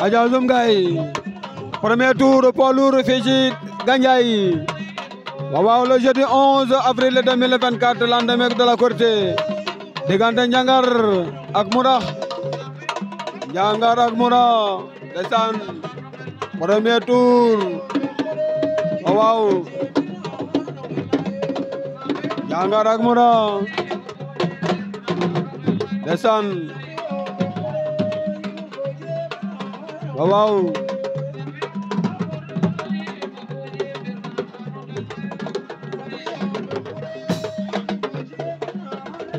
Adja Ouzou Ngaye premier tour poids lourd fii ci Gandiaye waaw waaw le jeudi 11 avril 2024 lendemain de la Korité diggante Njangar ak Murax Njangar ak Murax ndeysaan premier tour waaw waaw Njangar ak Murax ndeysaan Wow.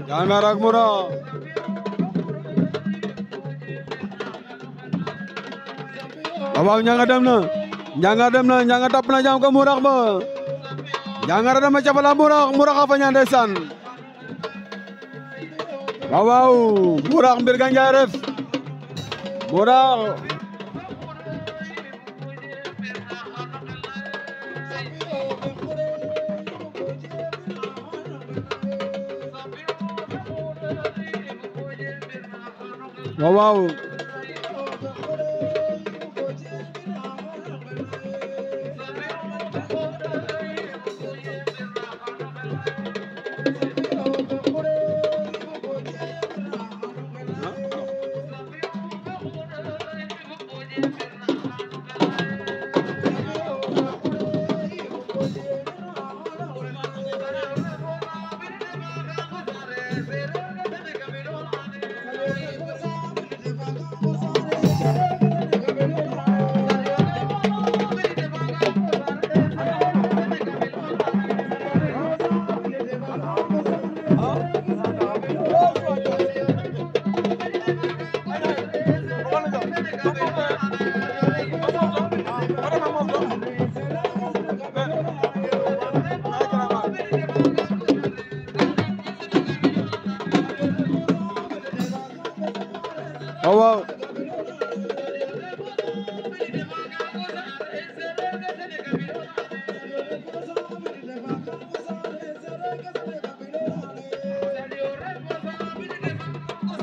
Jangan marah murah. Bawa jangan ada mana, jangan ada mana, jangan tak pernah jangan kamu murah ber. Jangan ada macam apa murah, murah apa yang desan. Wow, murah ambil ganjaran. Murah. wow.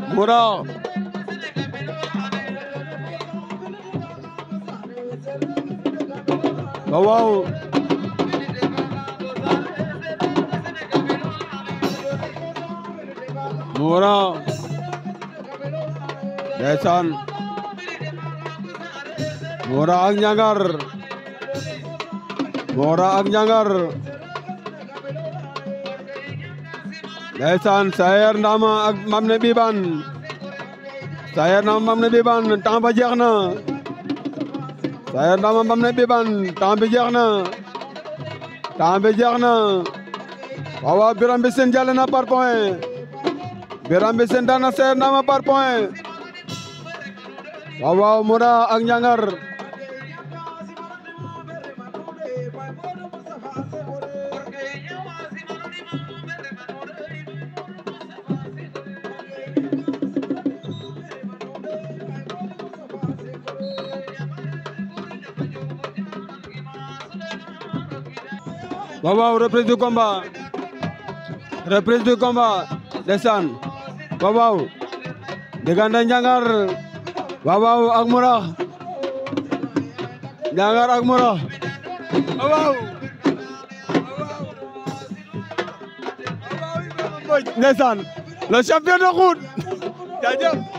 Ngura Bawaw Ngura ak Njangar Ngura ak Njangar ndeysaan Sayer Ndama ak Mame Ne Bibane Sayer Ndama Mame Ne Bibane temps ba jeex na Sayer Ndama Mame Ne Bibane temps bi jeex na temps bi jeex na waaw waaw Birame Mbissene jàll na par point Birame Mbissene daan na Ndama par point waaw waaw Moura ak Njangar waaw waaw reprise du combat reprise du combat ndeysaan waaw ak Murax Ndiangar ak Murax waaw waaw ndeysaan le champion de route jaajëf